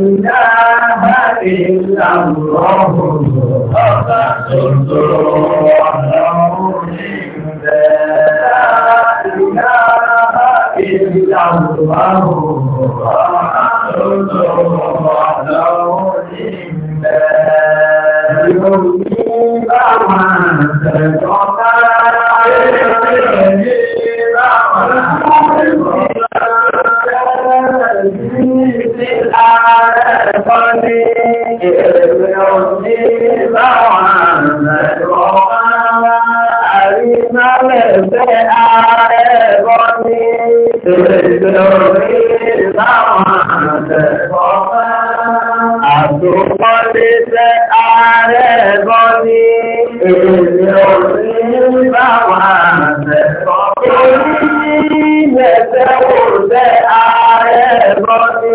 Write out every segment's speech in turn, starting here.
إله إلا الله ọba tuntun ọlọ́run ìgbẹ́ ìlà ìlà ọlọ́run ọba tuntun ọlọ́run ìgbẹ́ ìròyìn bá wà ń tẹ̀lé ọ̀tá ẹ̀rọ. فلي إبني معنا وعلى أرنا لبعاربني إبني معنا Àtùmọ́lé tẹ́ ààrẹ bọ́ ní èdè orí bá wà àtẹ́ ọkọ̀ orí ní ẹ̀tẹ́ òun tẹ́ ààrẹ bọ́ ní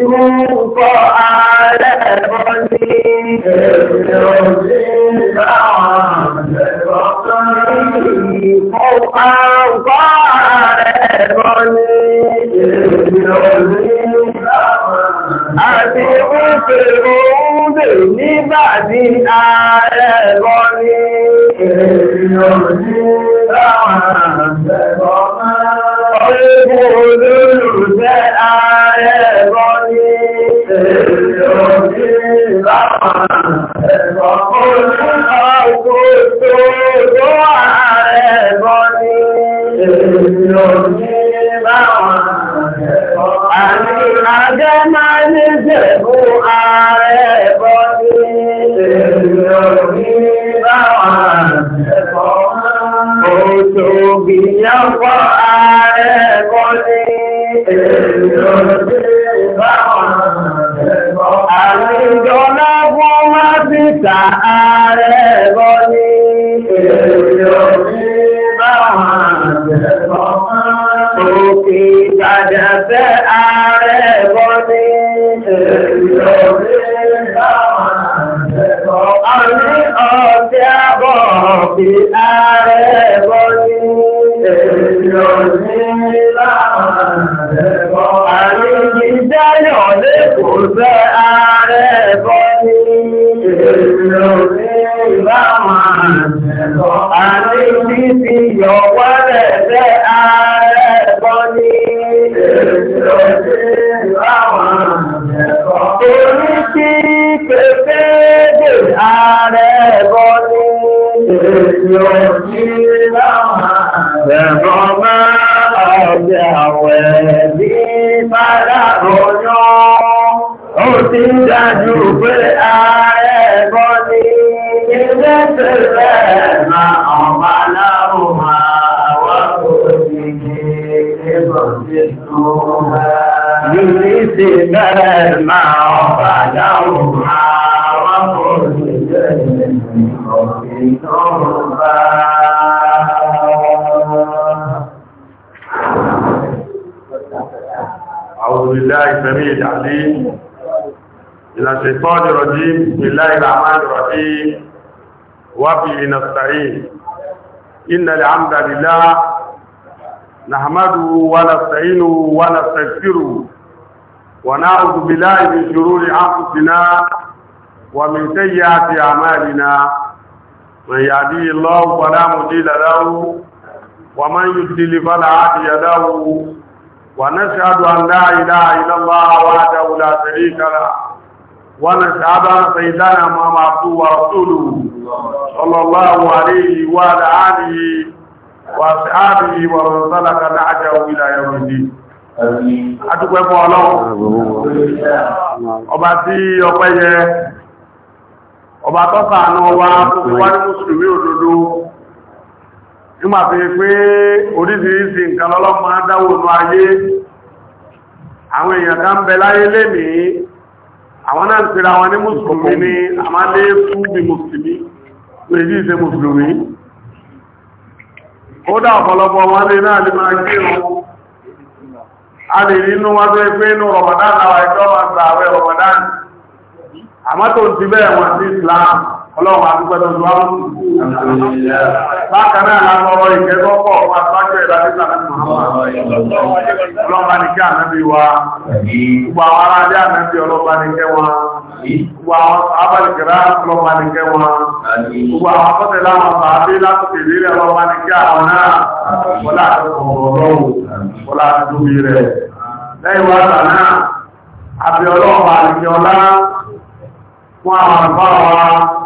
ذوقوا عذاب الهين فوق عذاب الهين àti ó fèrò ń bè nígbà tí ààrẹ bí ààrẹ ẹ̀rọ وبه نستعين إن الحمد لله نحمده ونستعينه ونستغفره ونعوذ بالله من شرور أنفسنا ومن سيئات أعمالنا من يهديه الله فلا مضل له ومن يضلل فلا هادي له ونشهد أن لا إله إلا الله وحده لا شريك له ونشهد أن سيدنا محمد عبده ورسوله صلى الله عليه وعلى آله وأصحابه ومن سلك نهجه إلى يوم الدين adúpẹ́ fún ọlọ́run ọba tí ọpẹ́ yẹ ọba tọ́sà náà wá wá ní mùsùlùmí òdodo nígbà fi pé oríṣiríṣi nǹkan lọ́lọ́mọ dáwò ní ayé àwọn èèyàn ká ń bẹ láyé àwọn náà ń ní mùsùlùmí fún bí mùsùlùmí pé ní ìṣẹ́ mùsùlùmí ó dá ọ̀pọ̀lọpọ̀ wọn lè náà lè máa gbé wọn a lè nínú wọn tó pé inú Ramadan àwọn ẹjọ́ wọn gbà àwẹ̀ Ramadan àmọ́ tó ti bẹ́ẹ̀ wọn sí Islam ọlọ́run àdúgbẹ́dọ̀ ló wọ́n bákan àbí ọlá fún àwọn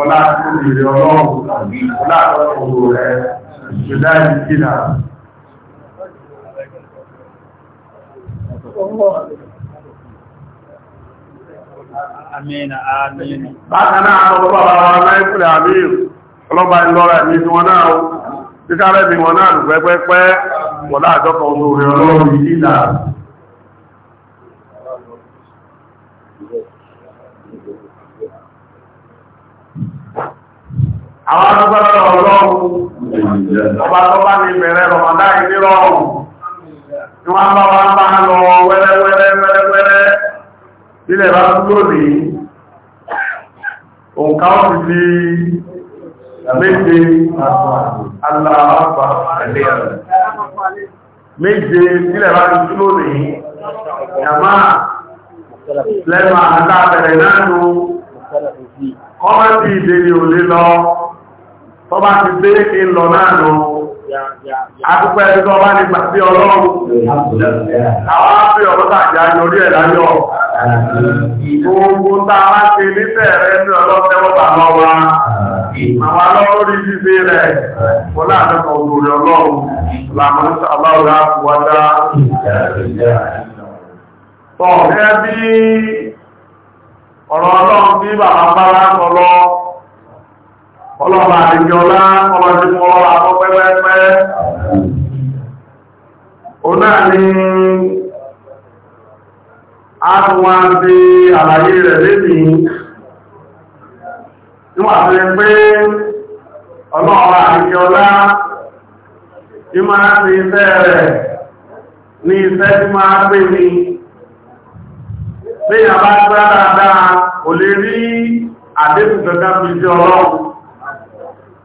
Ọlá tó lè ọlọ́run, ọlá tó lọ́wọ́ rẹ̀, ìṣẹ̀dá ìdílà. Àmìnà àmìnà. Bákan náà, ọlọ́pàá bàbá aláìkùnlẹ̀ àmìnà, ọlọ́pàá àwọn adúgbọ́lọ́rọ̀ ọlọ́run ọba ní bẹ̀rẹ̀ rọ̀mọ̀dá ìdí rọrùn tí wọ́n bá wá bá lọ wẹ́rẹ́wẹ́rẹ́wẹ́rẹ́ ilẹ̀ bá kúrò ala, òǹkà òfìsí méje aláàpá méje ilẹ̀ bá kúrò ní yàmá lẹ́mà aláàbẹ̀rẹ̀ náà nù kọ́mẹ́tì tọba ti dé ìlọ náà lọ akúpẹ́ ẹni tó bá ní gbà sí ọlọ́run àwọn ápì ọ̀pọ̀ta àjá yorí ẹ̀ láyọ̀ gbogbo tá a bá ti nífẹ̀ rẹ ní ọlọ́tẹ́wọ́bà lọ́wọ́ àwọn alọ́rí jíjí rẹ̀ kó láàrínkọ̀ òdòrè ọlọ́run làmọ́ sàbáwọ̀ àkúwádá tọ̀ gẹ́gẹ́ bí ọ̀rọ̀ ọlọ́run bí bàbá bá lọ́ ọlọ́ba àdìjọlá ọlọ́dí mú ọlọ́wà o náà ni a tún àlàyé rẹ̀ lébì níwọ̀n pé ọlọ́ọ̀rọ̀ àdìjọlá tí máa ti iṣẹ́ rẹ̀ ní iṣẹ́ tí máa pè ní léyàn bá gbára kò lè rí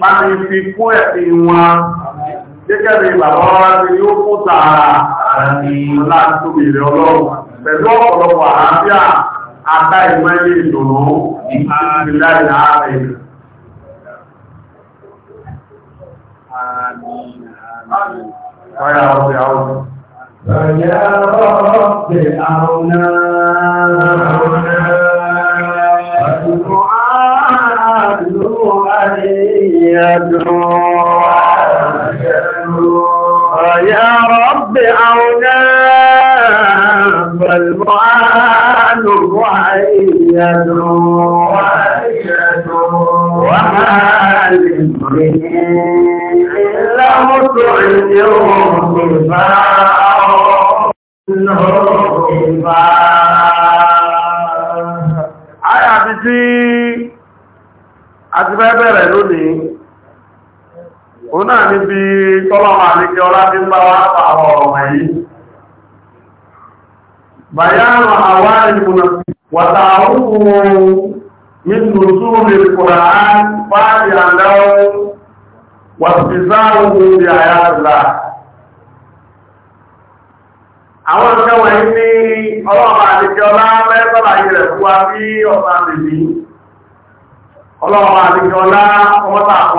bá ní fi kún ẹ̀sìn wọn gẹ́gẹ́ bí bàbá wọn ti yóò fún tààrà láti tóbi rẹ̀ ọlọ́run pẹ̀lú ọ̀pọ̀lọpọ̀ àlàáfíà àtà ìmọ̀lẹ̀ ìdùnnú ìpínlẹ̀ ààrẹ. Ọ̀yà ọ̀sẹ̀ àwọn. Ọ̀yà ọ̀sẹ̀ àwọn náà. يدعو يا رب أونا فالمعان الرعي يدعو وما للمؤمنين إلا مطعم يوم الفاعل náà ní bí tọ́lọ́mà ní kí ọlá bí bá wá pàwọ̀ ọ̀mà yìí bayanu awari munafi wa ta'awuhu min nuzuli alquran fa yandaw wa istizahu bi ayatillah àwọn kan wa ni ọlọ́ọ̀bá ní ọlá be baba yire fuwa bí ọ̀sà bi ọlọ́ọ̀bá ní ọlá ọmọ ta ko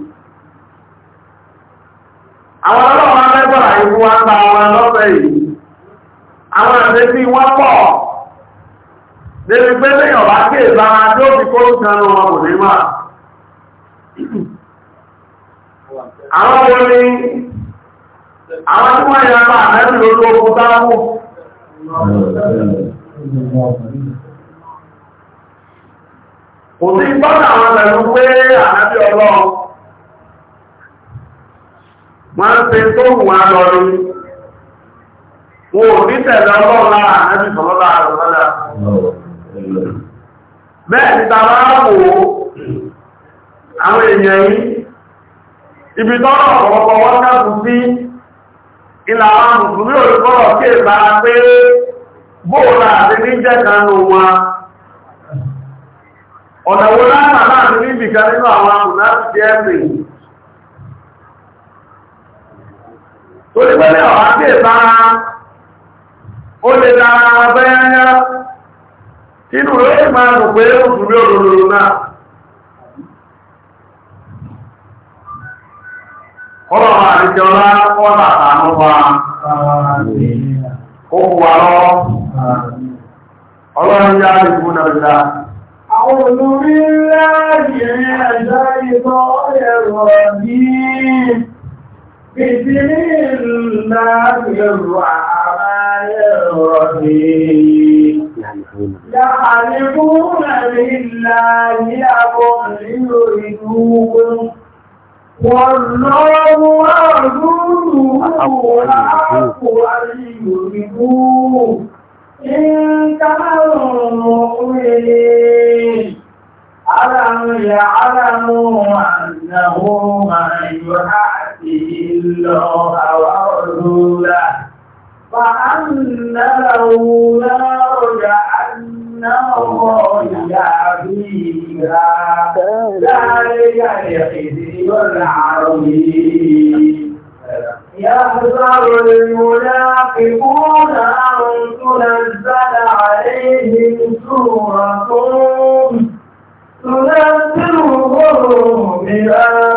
àwọn ọlọ́wọ́ mẹ́gbọ́n àìkú wá ń bá wọn lọ́sẹ̀ yìí àwọn àtẹ́sí wọ́n pọ̀ débi pé lẹ́yìn ọ̀bá kí ìbára tó fi kó ìtànà wọn kò ní máa àwọn wo ni àwọn tí wọ́n yára àmẹ́rin lórí wọ́n ń pe tó wù wá lọ rí wọn ní a ọlọ́run lára ànábì sọ̀rọ̀ bẹ́ẹ̀ ni tàbá wò àwọn ibi tọ́rọ ọ̀pọ̀pọ̀ wọ́n dákù sí ilà àwọn mùsùlùmí olùkọ́rọ̀ kí pe pé torí pé ní ọ̀há sí ìbára ó lè dára wọn bẹ́yányá inú rẹ̀ ó máa mọ̀ pé ó dùn ọrụ òdòdó náà ọlọ́run àdìjọ Àwọn olórin ẹ̀rọ̀ bíi بسم الله الرحمن الرحيم يحلفون بالله لكم ليريدوكم والله ورسوله أحق أن يريدوه إن كانوا مؤمنين ألم يعلموا الله ورسوله فأن له نار جهنم الله فيها ذلك الخزي العظيم يحذر المنافقون أن تنزل عليهم سورة تنزلهم بأن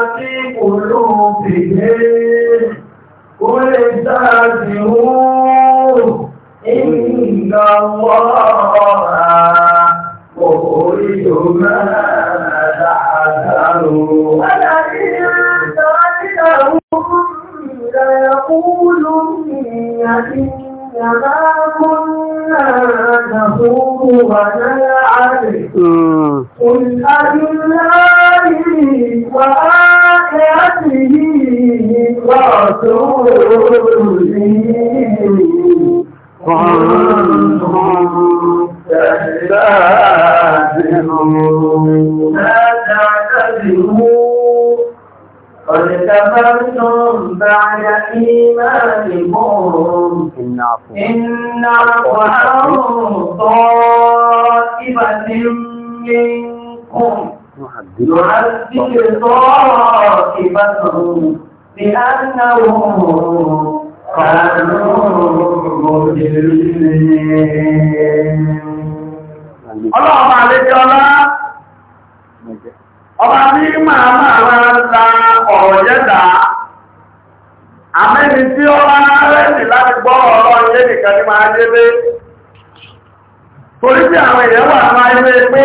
عاقبتهم بأنهم Ọlọ́ọ̀bá àlejò ọlá, ọba ní máa máa rárá ta ọ̀rọ̀ yẹ́dà, àmẹ́ni tí ó rárá rẹ̀sì láti gbọ́ ọ̀rọ̀ yẹ́ nìkan ní máa yẹ́ Torí bí àwọn ìyẹ́wà máa yẹ́ pé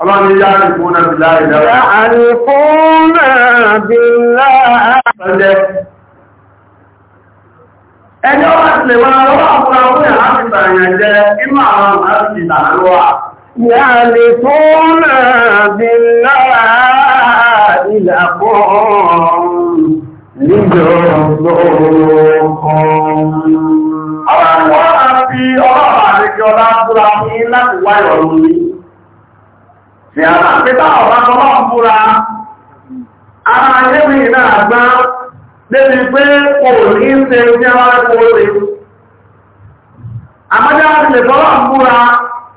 Ọlọ́run yá àrífúnà bí láì lẹ́wọ̀. Yá àrífúnà bí láì Ẹjọ́ wá sílẹ̀ wọn lọ́wọ́ àwọn àwọn ìyà láti bàrìyàn jẹ inú àwọn àti ìdàlọ́wà. Yá àrífúnà bí láì ìlàkọ́ níjọ́ lọ́wọ́ ní ara pẹ́tà ọ̀rá tọ́lọ́ fúra ara lẹ́bí ìdá àgbá lẹ́bí pé kò ní ṣe ní ara kò rí àmọ́já ilẹ̀ tọ́lọ́ fúra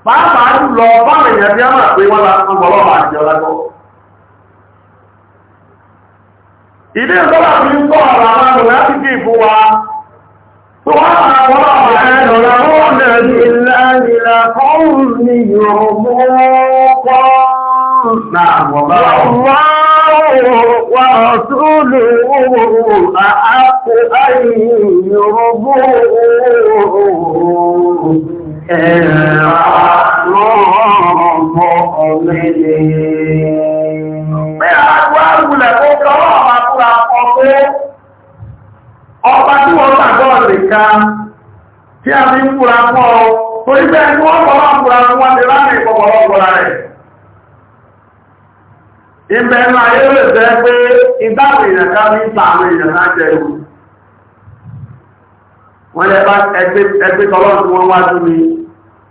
pàápàá jùlọ báwọn tí a máa pé wọ́n lásán bọ́lọ́ àwọn àgbà láti kí ọ̀nà ìlànà ìlànà kọ́ọ̀rù ni yòó mọ́ ورسوله أحق Ọba tí wọ́n tàbọ̀ nìkan tí a fi ń kúra fún ọ, torí bẹ́ẹ̀ ni wọ́n bọ̀ wá kúra lè rárẹ̀ ìpọ̀pọ̀lọpọ̀ rẹ̀ ìbẹ̀ ńlá ayé lè fẹ́ pé ìdáàbò èèyàn ká ní ìta àwọn èèyàn náà jẹ ìwò wọ́n yẹ bá ẹgbẹ́ tọ́lọ́run tí wọ́n wájú ni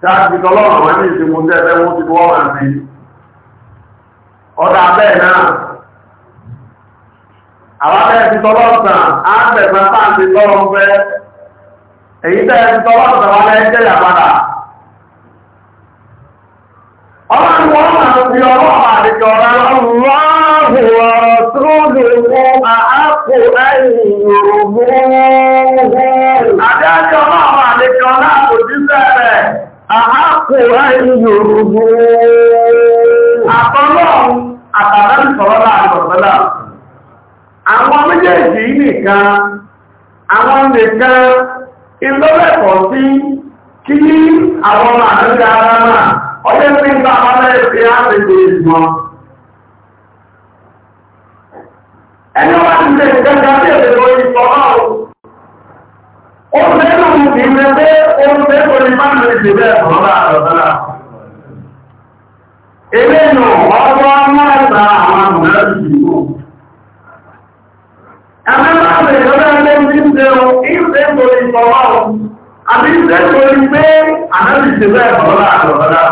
dáàbì tọ́lọ́run àwọn ní ìsinmi tẹ́ẹ̀fẹ́ wọ́n ti wọ́n hàn sí ọ̀dà bẹ́ẹ̀ náà àwọn abẹ́ẹ̀ ti tọ́lọ́run tàn á bẹ̀ pẹ́ pàǹtí tọ́lọ́run fẹ́ èyí tẹ́ẹ̀ ti tọ́lọ́run tàn Ọlọ́run wọn máa fi ọwọ́ àdìjọ rẹ̀ lọ́rùn wọ́n ọ̀rọ̀ tó lè mú àápò ẹ̀yìn òògùn. Adájọ́ náà wà àdìjọ náà kò jí bẹ̀rẹ̀ àápò ẹ̀yìn òògùn. Àtọ́lọ́ àtàlẹ́ ìsọ̀rọ̀ láàrin ọ̀sẹ́lá. Àwọn méjèèjì nìkan, àwọn nìkan ilé sí kí àwọn àdúgbò ara náà ọjọ́ ní nígbà abẹ́rẹ́ fi ápèsè ìgbọ́n. ẹni wá ti lè gbẹ́gbẹ́ sí èdè lórí ìfọ̀rọ̀ ó lẹ́nu ìgbẹ́ pé ó lẹ́nu ìbá mi lè bẹ́ẹ̀ sọ̀rọ̀ àdọ̀tọ́lá. Ilé nù ọgbọ́ mẹ́ta àwọn mọ̀lẹ́ ìdìbò. Ẹgbẹ́ máa lè lọ́dọ̀ ilé ní ṣe o, ìṣe torí ìfọ̀rọ̀ àbí ìṣe torí pé àná ìṣe bẹ́ẹ̀ sọ̀rọ̀ àdọ̀tọ́lá.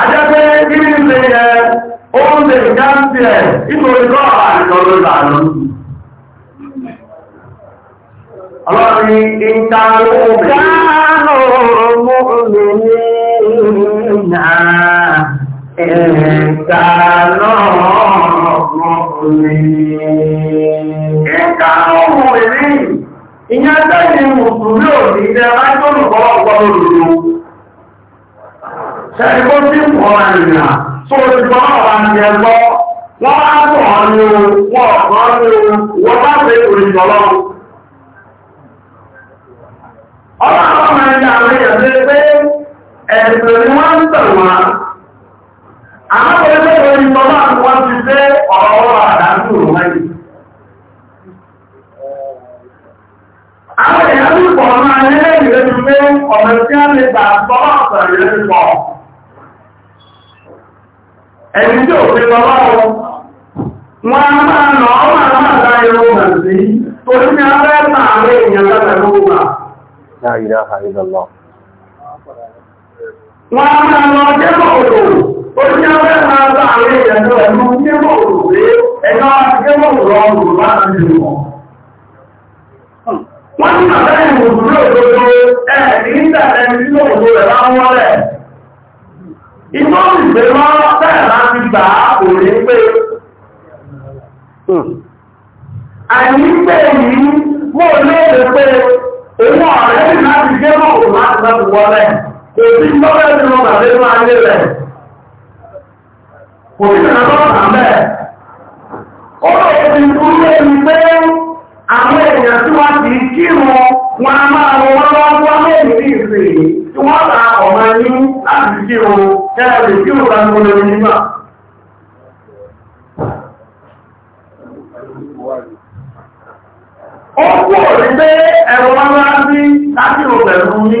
Ajẹ́pẹ́ nínú ilé yẹ oúnjẹ ìjáǹtì ẹ̀ nítorí kọ́ àìsọ̀rọ̀ ìlànà. Ọlọ́rin ìta Ìyẹn tẹ́yìn mùsùlùmí ò ní ilẹ̀ ajọ́lùkọ́ ọ̀pọ̀ olùdó. ẹni tó ti ń pọ̀ àyìnà tó ti bọ́ ọ̀rọ̀ wọ́n á ní o wọ́n ní o wọ́n bá lọ. ọmọ ẹ̀yà àwọn èèyàn pé ẹ̀sùn ni wọ́n ń tẹ̀ àwọn ẹgbẹ́ ti ọ̀rọ̀ Àwọn a lè gbà ẹni tí ò fi pọ̀lá ọ wọ́n a máa nà ọ́ máa máa dá irun hàn sí torí ní abẹ́ láàrin èèyàn lábẹ́ lóògbà wọ́n a máa lọ jẹ́ mọ̀ọ̀dọ̀ torí ní abẹ́ láàrin èèyàn lọ́ẹ̀lú jẹ́ mọ̀ọ̀dọ̀ pé ẹ̀yọ́ jẹ́ mọ̀ọ̀dọ̀ ọ̀rùn láti lè mọ̀ wọ́n ní bàbá ìwòsàn lóòdòdó ẹ̀ẹ̀dì ń tàbí lóòdòdó rẹ̀ láwọn wọ́lẹ̀ ìgbọ́n ìgbèrán bẹ́ẹ̀ bá ti gbà á kò ní pé hmm. àní pé yìí mọ́ léèrè pé òun ọ̀rẹ́ láti jẹ́ mọ́ òun láti láti wọlé kò sí lọ́rẹ́ tí wọ́n bà lé máa lé rẹ̀ kò sí ìrànlọ́rọ̀ àmẹ́ ọ̀rọ̀ òfin kúrò ní pé àwọn èèyàn tí wọ́n ti kí wọn wọn a máa wọn wọ́n lọ́wọ́ wọ́n ìrìn tí wọ́n ta ọ̀mọ ní láti kí wọn lè kí wọn láti wọlé nígbà. ó kú òní pé ẹ̀rọ wọn máa ń bí láti pẹ̀lú ní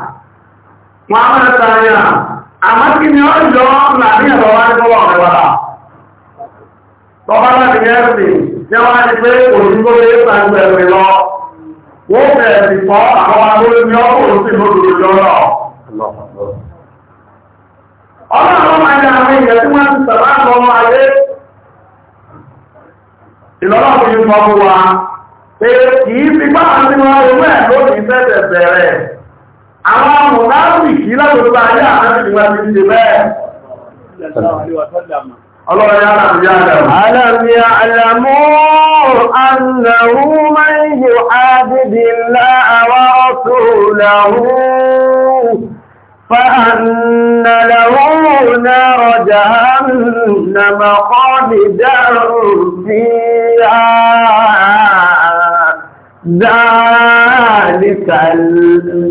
wọ́n á máa tààyàn àmọ́ kí ni ó yọ láàrin ẹ̀rọ wá ní bọ́wọ́ rẹ̀ wádà tọ́bá láti gẹ́ẹ̀sì tí wọ́n á ti pé òyìnbó lè sàgbé ẹ̀rìn lọ wọ́n bẹ̀rẹ̀ sí fọ́ àwọn agbóyún ọkùnrin sí lódòdó lọ́rọ̀ ọlọ́run máa yà àwọn èèyàn tí wọ́n ti sàbá àgbọmọ ayé ìlọ́lọ́pù yìí sọ fún wa pé kìí fi bá àti wọn ewé ẹ̀ lónìí fẹ́ bẹ̀rẹ̀ àwọn mọ̀láàrì kí látòlúbà ayé àmẹ́bìnrin wá ti ṣe bẹ́ẹ̀. Ọlọ́run yá àmì yá àdàmù. Àlàmì àlàmù ànàrú máa ń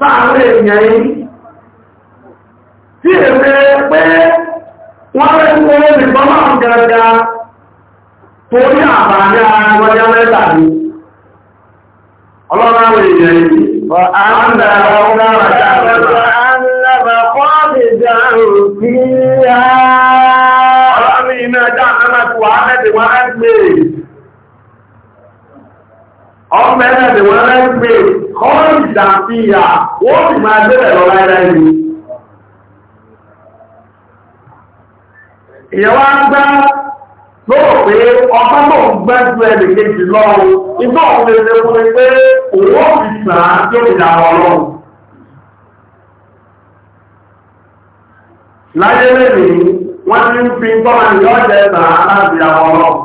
láàrin èèyàn yìí tí èfẹ́ pé wọ́n rẹ̀ tí wọ́n lè bọ́ máa gẹ́gẹ́ torí ní ara wọ́n mẹ́ta ní ọlọ́rọ̀ Ọmọ kọ́ ìdàfíyà wọ́n sì máa gbẹ̀rẹ̀ lọ láìláì ní ìyẹ̀wà gbá lóò pé ọgbá tó ń gbẹ́jú kejì iná fún mi pé òun sàn án tí ó fi dà ọlọ́run láyé wọ́n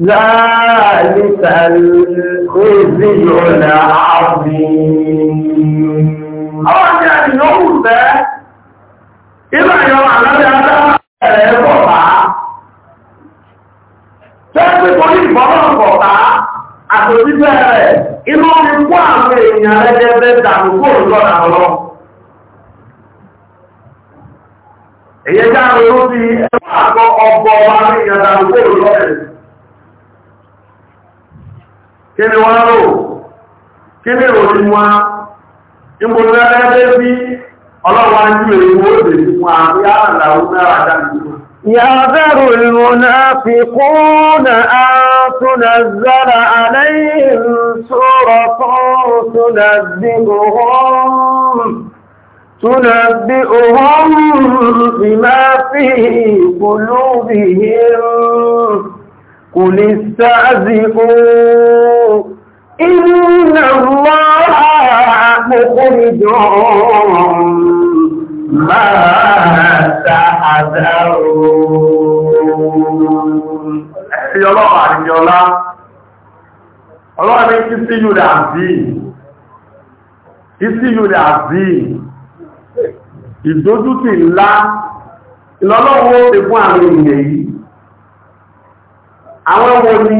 ذلك الخزي العظيم Àwọn ìjà ìyọ́wù fẹ́, ìbà ìyọ́wà lábẹ́ adára ẹ̀rẹ́ bọ̀tá. Tẹ́ẹ̀sì kò ní ìbọ̀lọ̀ bọ̀tá, àtòjíṣẹ́ rẹ̀, inú orin kó àwọn èèyàn rẹ̀gẹ́gẹ́ dànù kó lọ́nà lọ. Èyẹ kí ni wọ́n rò kí ni ìròyìn wọn bí ọlọ́wọ́ ajú èwo lè fún àmì àlàó náà dájú يعذر المنافقون أن تنزل عليهم سورة تنبئهم تنبئهم بما في قلوبهم قل استعزئوا إن الله مخرج ما تحذرون يلا يلا ọlọ́run ní títí yóò dà bí títí yóò dà bí ìdójútì ńlá ìlọ́lọ́wọ́ ó ti fún àwọn ènìyàn yìí àwọn wo ni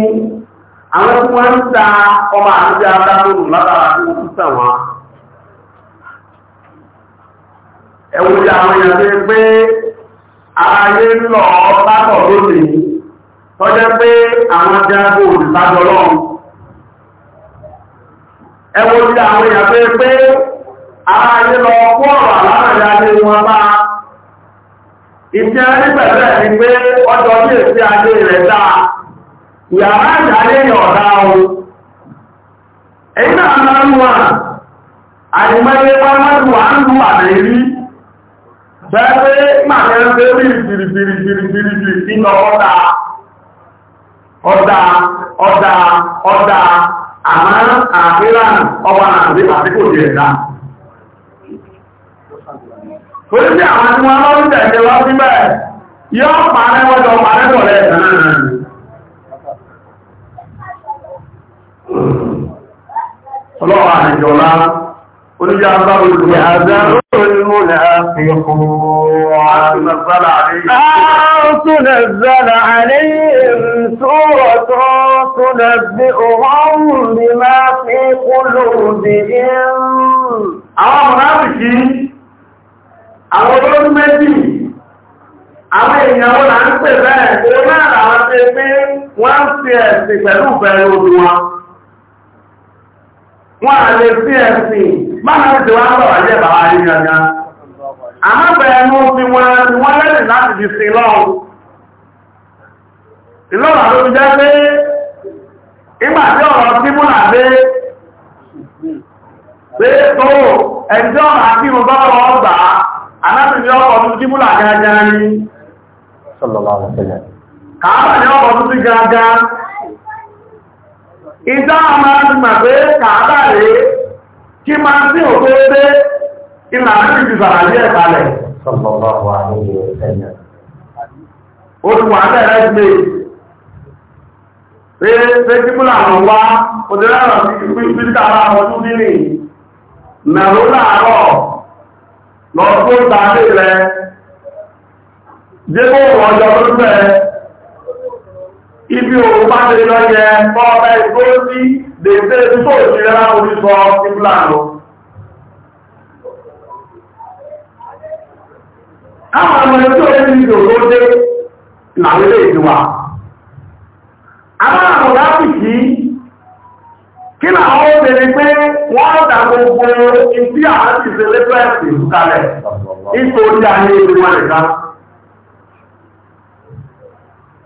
àwọn tí ń ta ọmọ àdúgbò adámọ́nù látara tí wọ́n ń ti àwọn èèyàn ti pé ayé ń lọ látọ̀ lónìí tọ́jẹ́ pé àwọn jágbó olùtajọ́ lọ́wọ́ àwọn èèyàn pé lọ ọ̀rọ̀ wọn bá nígbẹ̀rẹ̀ ni pé ọjọ́ èsì yàrá ìdálé ọ̀dá o ẹ̀yìn máa ń wà àìmọ́lé pàmọ́lù wà ń lù àdèrí bẹ́ẹ̀ máa ń pẹ́ rí ìbìrìbìrìbìrìbìrì sínú àwọn wọ́n lọ́rùn tẹ̀lé ọlọ́wọ́ àjọlá oníjà báwo ló yà dáró ìlú láàfihàn تنزل عليهم سورة تنبئهم بما في قلوبهم àwọn mọ̀láàbìkì àwọn olóòrùn méjì àwọn èèyàn wọn là ń pè náà àwọn ṣe wọ́n fi ẹ̀sìn pẹ̀lú bẹ̀rẹ̀ òdùn wọn wọn a lè sí ẹ̀sìn máa ń tèwà anyị ayé aga. ayé yanyan àmọ́bẹ̀ ẹnu ti wọn ni wọ́n lẹ́yìn láti sin lọ́wọ́ ìlọ́wọ́ ló jẹ́ pé ìgbà tí ọ̀rọ̀ tí múnà dé ìdá máa ti ka pé kàádà rèé kí máa sí òkú pé ìlànà ti ti sàrà ní ẹ̀kalẹ̀. ó ti wà bẹ́ẹ̀ rẹ́ pé pé kí ọtụtụ ń na òdìrẹ́ ọ̀rọ̀ sí lọ ibi òun bá ṣe lọ yẹ ọ̀pẹ́ tó sí dèfẹ́ tó ìṣẹ́lá orísọ ìpìlà lọ. Àwọn ọmọ ẹgbẹ́ orí ìdòrò dé làwílé ìdíwà. Àwọn àwọn lápìsí kí làwọn obìnrin pé wọ́n dà gbogbo ìdí àwọn ìṣẹ́lẹ́fẹ́ ìrùkalẹ̀ nítorí ayé ìwọ̀n ìdáná.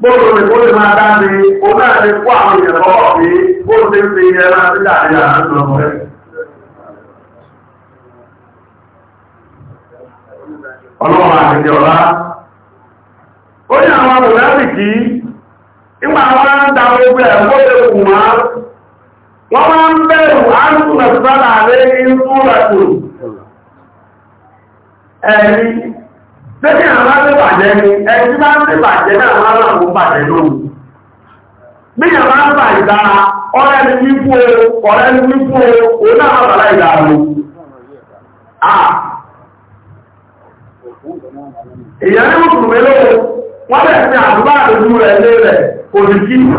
gbogbo rẹ̀ kó lè máa dáadé ó náà lè kó àwọn èèyàn lọ́wọ́ pé ó lè fi ẹran sílẹ̀ àríyá lọ rẹ̀ ọlọ́run ó ní àwọn nígbà wọn ń da gbogbo ẹ̀ kó lè kù wá wọ́n máa ń bẹ̀rù àrùn Tẹ́kí àwọn alábẹ́bàjẹ́ ni ẹni bá ń bẹ́bàjẹ́ náà bàjẹ́ lóòrùn. Bí bà ọ̀rẹ́ ni wípú o, ọ̀rẹ́ ni wípú o, o náà bàbá ìdá lò. Èyàn ní mùsùlùmí mélòó, wọ́n lẹ̀ sí àdúgbà àdójú rẹ̀ lé Torí ní ìyàwó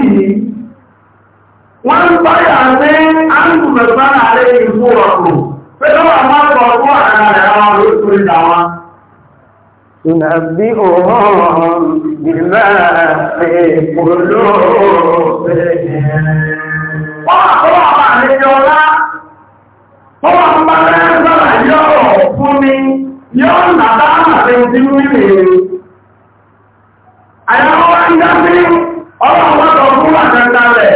báyà ní àìsùnmẹ̀ bára rẹ̀ ìfú ọ̀pọ̀ pẹ̀lú àwọn ọ̀pọ̀ fún àrà rẹ̀ àwọn olóṣèlú ìdáwọn. Ìnàbí òhun ìlà Yọ́n nàbá àti ti mú ìrìn. Àyàwó wá ń dá sí ọlọ́pàá ọdún wà kẹta rẹ̀.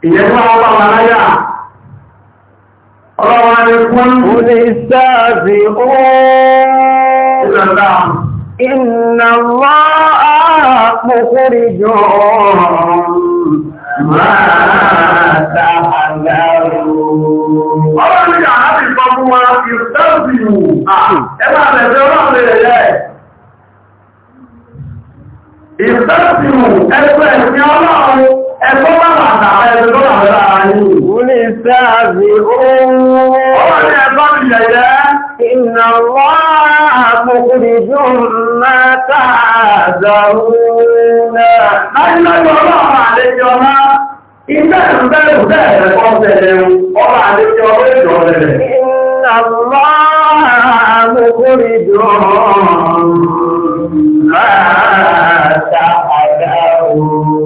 ìyẹn wá wá wà láyà ọlọ́wọ́ ni kún ní sáàzì ooo iná wá àpòkúrì jọ máa tààlárò ọlọ́run ni àábì sọ fún wa ìsáàzì wù ẹgbà ẹgbẹ́ ẹ̀sìn ọlọ́run Ẹ̀kọ́ bá wà tàbí ẹgbẹ́ tó wà lára ní ìlú. Wọ́n lè fẹ́ àbí ohun. Ọwọ́ ni ẹ̀kọ́ ti yẹ̀yẹ́. Ìnà wọ́n àpòkùnrin jù máa tààzà òun náà. Láyé lọ́jọ́ ọlọ́run àlejò ọlá. máa tààzà òun.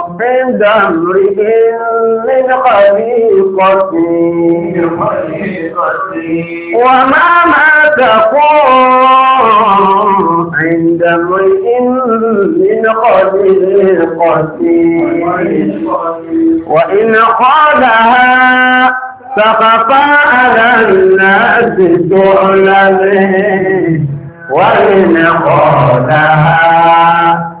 عند امرئ من خليقته وما ما تقوم عند امرئ من خليقته وإن قالها سقط على الناس تعلمه وإن قالها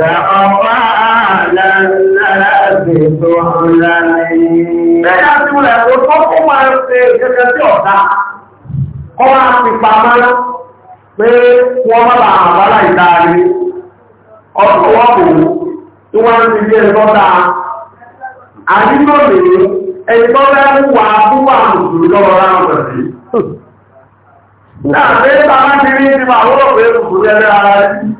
tàọ́fà lánàá sí tó ńlá ní. Bẹ́ẹ̀ á ti wùlẹ̀ tó tó kó máa ń ṣe kẹ́kẹ́ sí ọ̀dá, kọ́ máa fi pamọ́ pé wọ́n bá bàa àbálà ìdáre, ọ̀pọ̀ wọ́pọ̀ wọ́n ń fi ti rí ti bàbá ó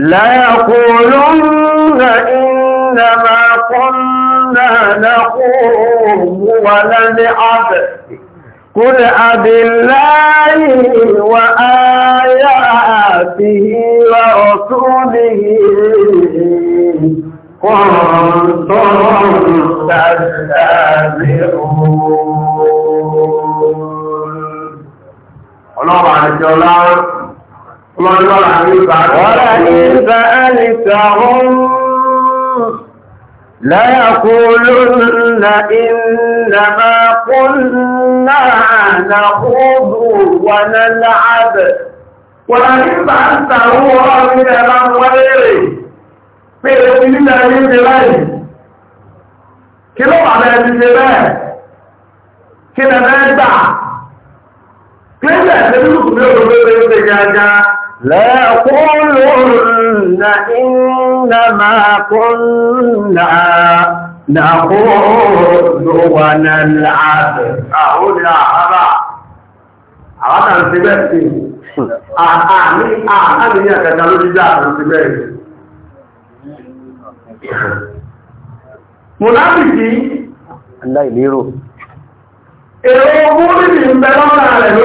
ليقولن إنما كنا نقوم ولنعب قل أب الله وآياته ورسوله كنتم تستهزئون. الله عز ولئن سألتهم ليقولن إنما قلنا نخوض ونلعب ولئن سألتهم من الأموال في سبيل الله kí ló wà bẹ́ẹ̀ ti ṣe bẹ́ẹ̀ ليقولن إنما كنا نخوض ونلعب أقول يا حبا àwọn àti bẹ́ẹ̀ sí àmì àmìyàn kẹta ló jíjá àti bẹ́ẹ̀ mùnáfìkì aláìlérò èrò ogún nìbí ń bẹ lọ́nà rẹ̀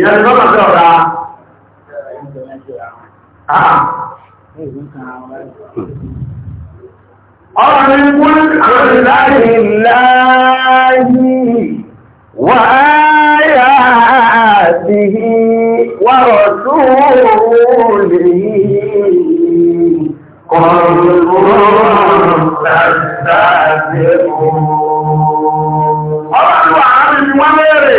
ìyẹn lọ́nà sí ọ̀dá ah. ọ̀rọ̀ ni kún àrẹ́sìláàrí láàáyí wà áyà àti wàrọ̀ tó lè láti dáadé Ọlọ́run àárín wọn lérè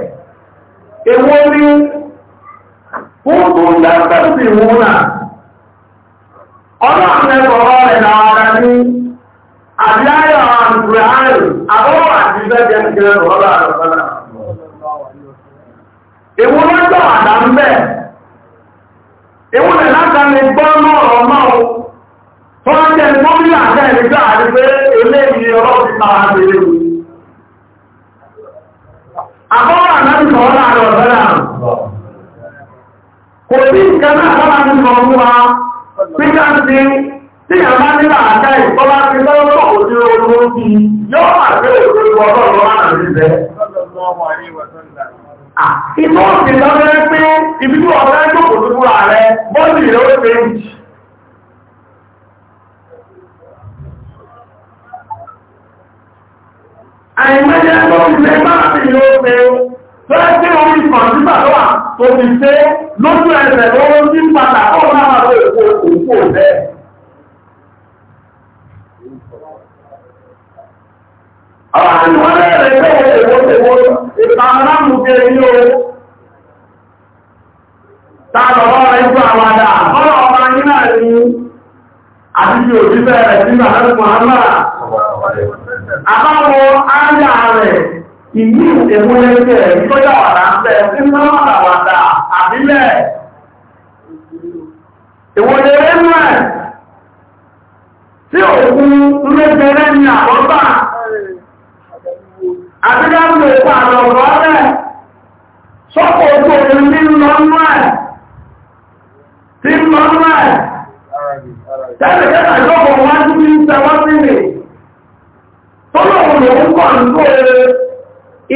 Iwu ní wọ́n tó ń dá pẹ́sì mú náà ọlọ́run ẹgbọ̀rọ̀ ọha náà ahụ, ní àbíláyọ̀ àǹkùrẹ̀ àrùn àbọ́wà àti ìgbẹ́jẹ́ ìgbẹ́jẹ́ na àrùn èwo lọ́jọ́ àdá ń bẹ̀ èwo lẹ̀ láta lè gbọ́ mọ́rọ̀ máa tó ń jẹ́ mọ́bílà àtẹ́ ìgbà àti pé eléyìí ọlọ́run ti tara bèèrè láti sọ̀rọ̀ láàrin ọ̀sẹ̀lá. Kò sí nǹkan náà bá láti sọ fún wa, píkà sí tí a bá nílà àjá ìkọ́lá ti lọ́wọ́ pọ̀ sí ogun ti yọ́ àti òṣèlú ọlọ́run láàrin ìbẹ́. Ìmọ̀ sí lọ́rẹ́ pé ibi tí ọ̀rẹ́ jókòó sí fúra rẹ̀ bọ́ọ̀lì rẹ̀ ó ń lẹ máa fi ló fẹ́ Fẹ́ẹ́sì orí kan nígbà tó wà tó fi ṣe lójú ẹsẹ̀ lọ́wọ́ sí padà ó máa wà lórí òkú òkú òbẹ́. Àwọn àti wọ́n lẹ́rẹ̀ pé èwo èwo ìpamọ́lámù kiri ní o. Ta lọ́wọ́ rẹ̀ ju àwàdà, ọ̀rọ̀ ọba yín náà ni àti ti òbí bẹ̀rẹ̀ sí Màdàlùmọ̀ Àmàrà. Àbáwo rẹ̀ ìní ìtẹ̀múlẹ́sẹ̀ ìtọ́jà wà náà bẹ̀ sí náà àwàdà àbílẹ̀ ìwọ̀dẹ̀ rẹ̀mẹ̀ tí òkun lẹ́gbẹ̀rẹ̀ ní àkọ́bà àbídáwò ìpa àlọ́rọ̀ rẹ̀ sọ́pọ̀ ojú orin ní lọ́nà tí lọ́nà tẹ́lẹ̀kẹ́ta ìjọ́kọ̀ wájú ní sẹ́wọ́n sí mi tọ́lọ̀ òun lòun kọ̀ nígbò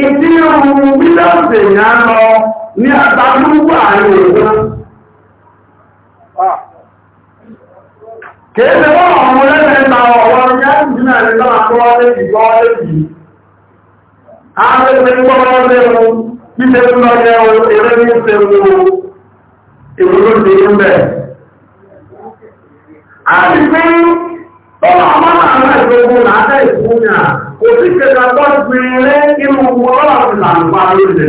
ìdí ohun bílọ̀sì ìyá lọ ní àtàkùnkù àárín òun kéèdè wọ́n ọmọ lẹ́gbẹ̀ẹ́ta ọ̀wọ́ yá ìdínà ìlànà àkọwọ́ lẹ́gbì gbọ́ lẹ́gbì ààrẹ́gbẹ̀ gbọ́rọ̀ lẹ́rù kò sí kẹta tó gbìnrẹ nínú wọ́n àti làǹfà lóde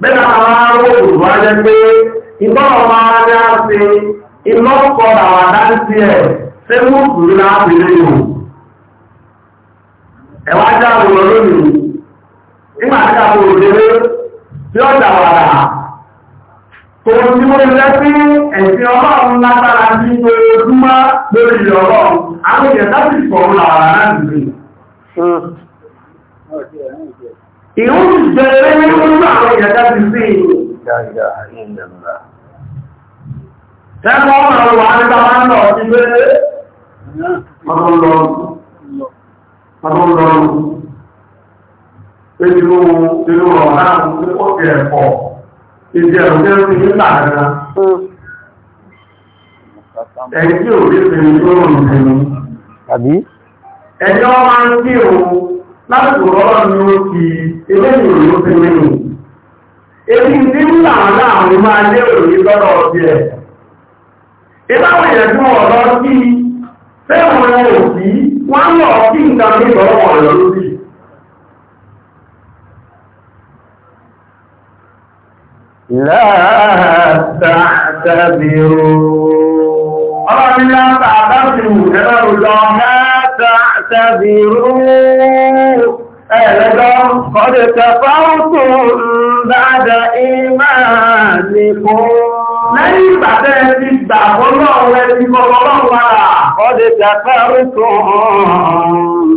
bẹ́ẹ̀ àwọn olùdó ajẹ́ pé iná ọmọ ajá sí iná kọ́ àwọn adáńtí ẹ̀ ṣé mú kùrú láti lè yòó ẹ̀wà àwọn nígbà tí a kò lè tí ó Tòun tí mo lẹ́ sí ẹ̀sìn ọlọ́run látara ní ojúmọ́ lórí ọlọ́run, àwọn ìyẹ̀dá sì fọ̀rọ̀ làwàrà náà jù rí. Ìhún ti jẹ́rẹ́ ní ojú àwọn ìyẹ̀dá ti sí Tẹ́kọ̀ọ́ ọ̀rọ̀ wà nígbà máa ń lọ sí pé ọdún lọ́rùn. Pé inú ọ̀rọ̀ náà ń kó ẹ̀kọ́ ìjẹ́ òjẹ́ ti ní làára ẹni tí ò rí ìsinmi tó rùn ìsinmi tàbí ẹni wọ́n máa ń kí o láti rọ́rọ̀ ní ó ti ilé ìròyìn ti nínú èyí tí ń làára àwọn máa lé òyìn lọ́rọ̀ ọ̀bí ẹ̀ ìbáwọn èèyàn tí wọ́n lọ sí fẹ́ràn ẹ̀ òsì wọ́n lọ sí nǹkan ní ìrọ̀rọ̀ ọ̀rọ̀ لا تعتبروا أرى لا تعتبروا جبر الله لا تعتبروا أهدا قد كفرتم بعد إيمانكم lẹ́yìn ìgbà tẹ́ ẹ ti gbàgbọ́ lọ́wọ́ ẹ ti kọ́ lọ́wọ́ wà. ọdẹ tàfẹ́ rí tó hàn.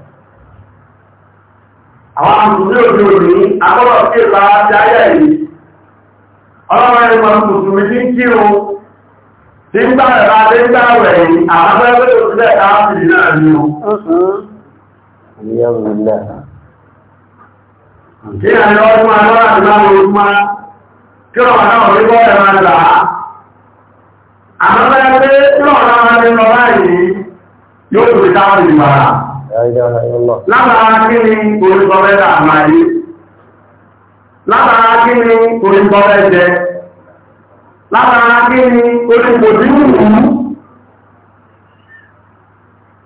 àwọn àmùsùnmí òjò òní agbọ́dọ̀ sí ìlà ti ayé yìí ọlọ́run ẹni wọn mùsùlùmí tí ń kí o tí ń gbà ẹ̀rọ adé ń gbà rẹ̀ yìí àwọn ẹgbẹ́ tó ti lẹ̀ ká sì rí náà ní o. kí ni àyọ̀ ọdún agbára àti láwọn ọdún máa kí ọ̀rọ̀ náà rí bọ́ ẹ̀rọ àgbà àwọn ẹgbẹ́ tí ọ̀rọ̀ náà rí lọ báyìí yóò tó ìdáwọ̀ ìmọ̀ràn. Látara kí ni orígbọ́rẹ́ rà máa yí? Látara kí ni orígbọ́rẹ́ jẹ? Látara kí ni orígbòdí wùwú?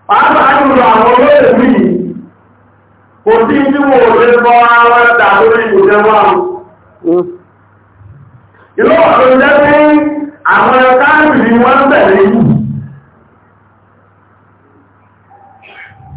Pàápàá jùlọ àwọn olóòrè mi, kò sí tí wò lè bọ́ ara ẹ̀dà lórí ìgbòjẹ́wà. Ìlú jẹ́ pé àwọn ẹ̀ká ìrìn bẹ̀rẹ̀ yìí.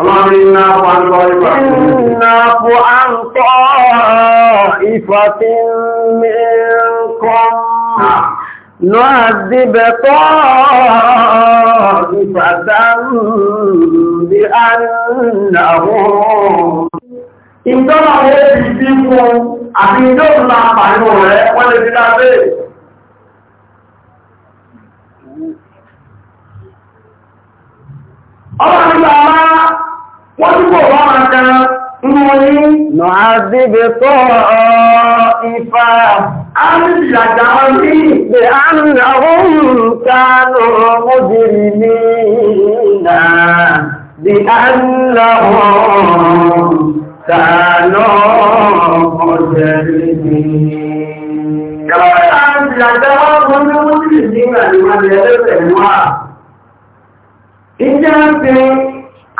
Ọlọ́rin náà fún àǹtọ́ ìfàtí mẹ́kàn náà dìbẹ̀ tọ́ ìfàtàrù bí a nàwó. Ìjọba rẹ̀ ti bí fún àti ìjọba máa pàánù rẹ̀ wọ́n lè fi lábẹ́. Ọlọ́rin náà wọ́n tí kò bá máa kan inú wọn ní. nà á dìbò tó ọ ifá. a ní ìyàjà wọn ní. pé a ń ra ohun kánú mọ́jìrì ní iná. bí a ohun kánú mọ́jìrì ní iná. kàwé a ń ní mọ́jìrì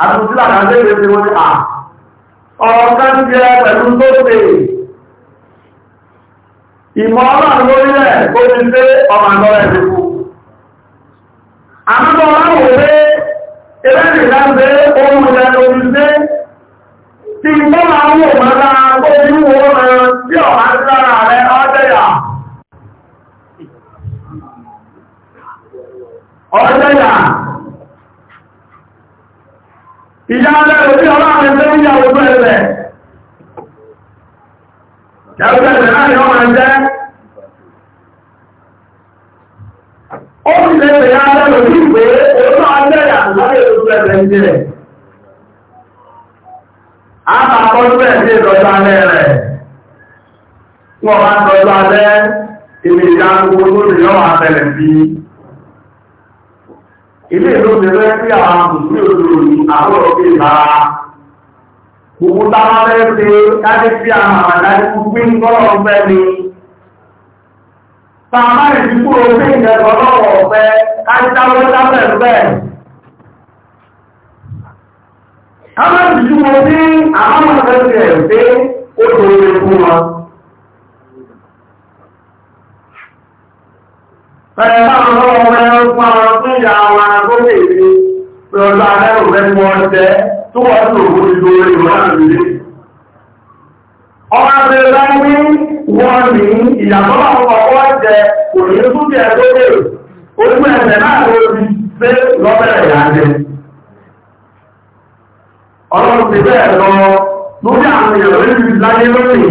àtúntìlà kàdé ìrètí wọn à ah, ọ̀rọ̀ kan jẹ pẹ̀lú tó pè ìmọ̀ ọlọ́run lórílẹ̀ ó ti dé ọmọ àgbọ̀rẹ̀ ìdìbò àmọ́ ọlọ́run pé eléyìí náà pé ohun ilẹ̀ lórí dé tí mọ́ máa ń wò máa lára tó ní wo ẹran tí ẹ̀lẹ́bí ọlọ́rin tó ń yàwó bẹ̀rẹ̀ yàwó bẹ̀rẹ̀ láàrin ọmọ ẹ̀jẹ́ ó sì lẹ́sẹ̀ yá lẹ́nu ní ìwé olóòtú àjẹ́yà láyé olùbẹ̀rẹ̀ ń jẹ́ àbàkọ́jú ẹ̀ sí ìdọ́jú alẹ́ rẹ̀ wọ́n bá tọ́jú ilé ìlú ti fẹ́ sí àwọn mùsùlùmí òdòdó yìí àwọn òkè ìbára gbogbo táwọn fẹ́ ṣe láti sí àwọn àmàdájú pín kọ́lọ̀ ọ̀fẹ́ ni tàbá ìdíkú omi ìdẹ̀kọ́ lọ́wọ́ ọ̀fẹ́ kájí táwọn sáfẹ́ bẹ́ẹ̀ káwọn ìdíkú omi àwọn ọ̀fẹ́ ti ẹ̀ pé Ẹ̀ẹ́bá ọ̀rọ̀ ọmọ ẹ̀rọ fún àwọn ọdún ìyá àwọn agbóhùn èdè, lọ́dọ̀ àárẹ̀ òfẹ́ mọ́ ọ̀tẹ́ tó wọ́n tó òkú ìlú orí ìwọ̀n ọmọ ẹgbẹ́ bá ní wọ́n ní ìyàtọ̀ àwọn ọkọ̀ jẹ òní súnkì ẹgbẹ́ rẹ̀ ojú ẹ̀sẹ̀ náà ló ti ṣe lọ́bẹ̀rẹ̀ ìyàjẹ́ ọlọ́run ti bẹ́ẹ̀ lọ lórí àwọn èèyàn lórí láyé lónìí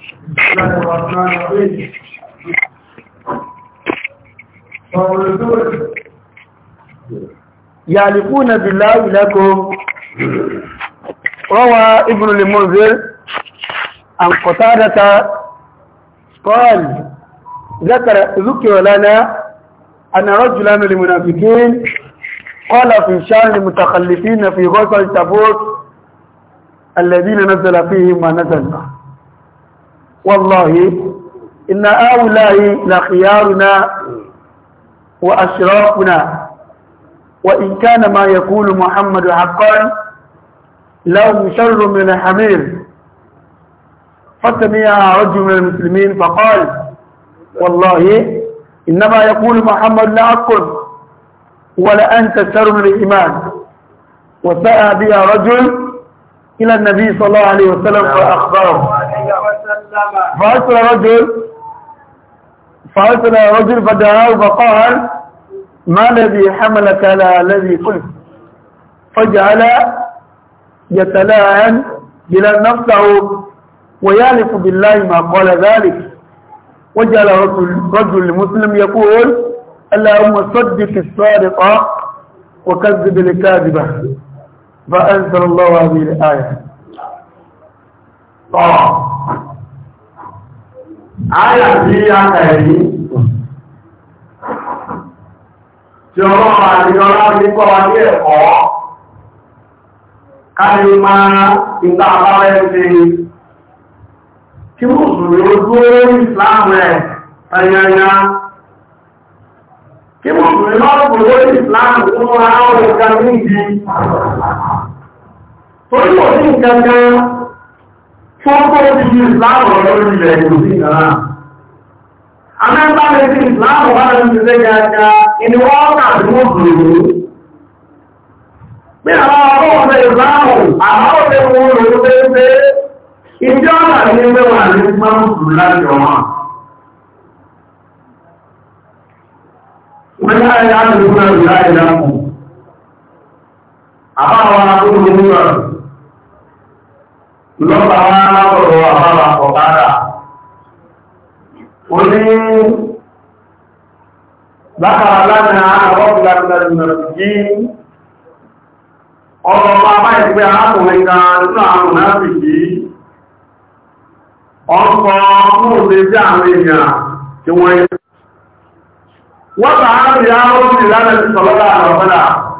بسم بالله لكم روى ابن المنذر عن قتادة قال ذكر ذكر لنا أن رجلا من المنافقين قال في شأن المتخلفين في غزوة تبوك الذين نزل فيهم ما والله إن هؤلاء لخيارنا وأشرافنا وإن كان ما يقول محمد حقا لهم شر من الحمير فسمع رجل من المسلمين فقال والله إنما يقول محمد لا أقل ولا أنت شر من الإيمان وسأى بها رجل إلى النبي صلى الله عليه وسلم نعم. فأخبره فأرسل رجل فأرسل رجل فدعاه فقال ما الذي حملك على الذي قلت فجعل يتلاعن بلا نفسه ويالف بالله ما قال ذلك وجعل رجل, رجل مسلم يقول اللهم صدق الصادق وكذب الكاذبة فأنزل الله هذه الآية آه. Àyà tí a kàrí tí ọlọ́pàá àti ọlọ́pàá ní kọ́ wa ní ẹ̀kọ́ káàrí máa ìgbà àbáwẹ́ ṣe kí mùsùlùmí ó dúró ìsìláàmù ẹ̀ kí mùsùlùmí lọ́rọ̀ kò lórí ìsìláàmù tó mọ́ àwọn ìgbà níbi kò sí nǹkan Fọ́nkọ́ ti fi ìsìláàmù lórí ilẹ̀ ìrùsí náà. Amẹ́ta lè fi ìsìláàmù wá lórí ilẹ̀ gàgà ìní wọ́n kà sí wọ́n bùrù. Bí àwọn ọmọ ọ̀sẹ̀ ìsìláàmù, àwọn ọ̀sẹ̀ wọn lòó pé ìjọ́ àti ẹgbẹ́ wà ní pọ́ǹpù láti ọmọ. Mẹ́ta ẹ̀yà àti ìgbìmọ̀ ìlà ìlàkùn. Àbáwọn akúrò ní ọ̀rọ̀ lọ́pàá wọn lábọ̀rọ̀ àbára ọ̀bára ó ní bákàrà lánàá àwọ́pùlá ìrìnàjí ọ̀rọ̀ pápá ìgbé arákùnrin kan nínú àwọn onáfìkì ọkọ̀ múrùnlé sí àwọn èèyàn tí wọ́n yẹ wọ́n tààrí àwọn òmìnira lẹ́sìn sọ̀lọ́lá